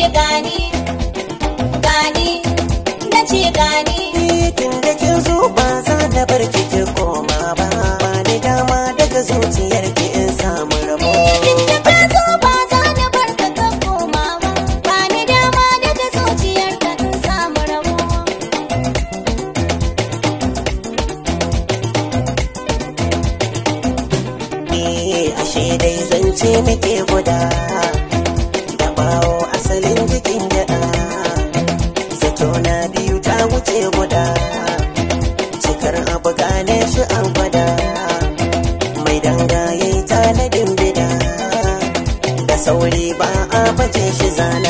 ce gani gani na ce gani eh, tun da kin zo ba za na bar ki ki koma ba ba ni dama daga zuciyar ki in samu rabo eh, ashe dai zan zance muke guda abu shi an gwada mai dangaye tanadin bida da sauri ba a bace shi zana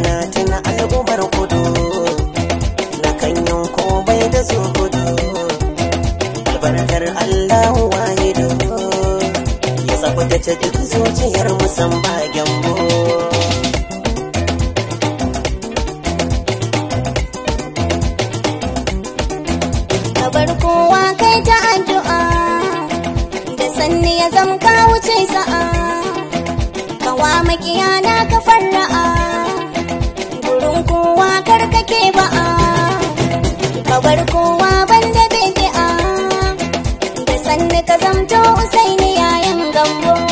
na tuna a ta gobar kudu na kan yin komai da su gudu albarkar allahu wahidu ya ta duk zuciyar musamman gyambo sanni ya zam ka wuce sa'a kawa makiya na ka farra ka zamto usaini yayan gambo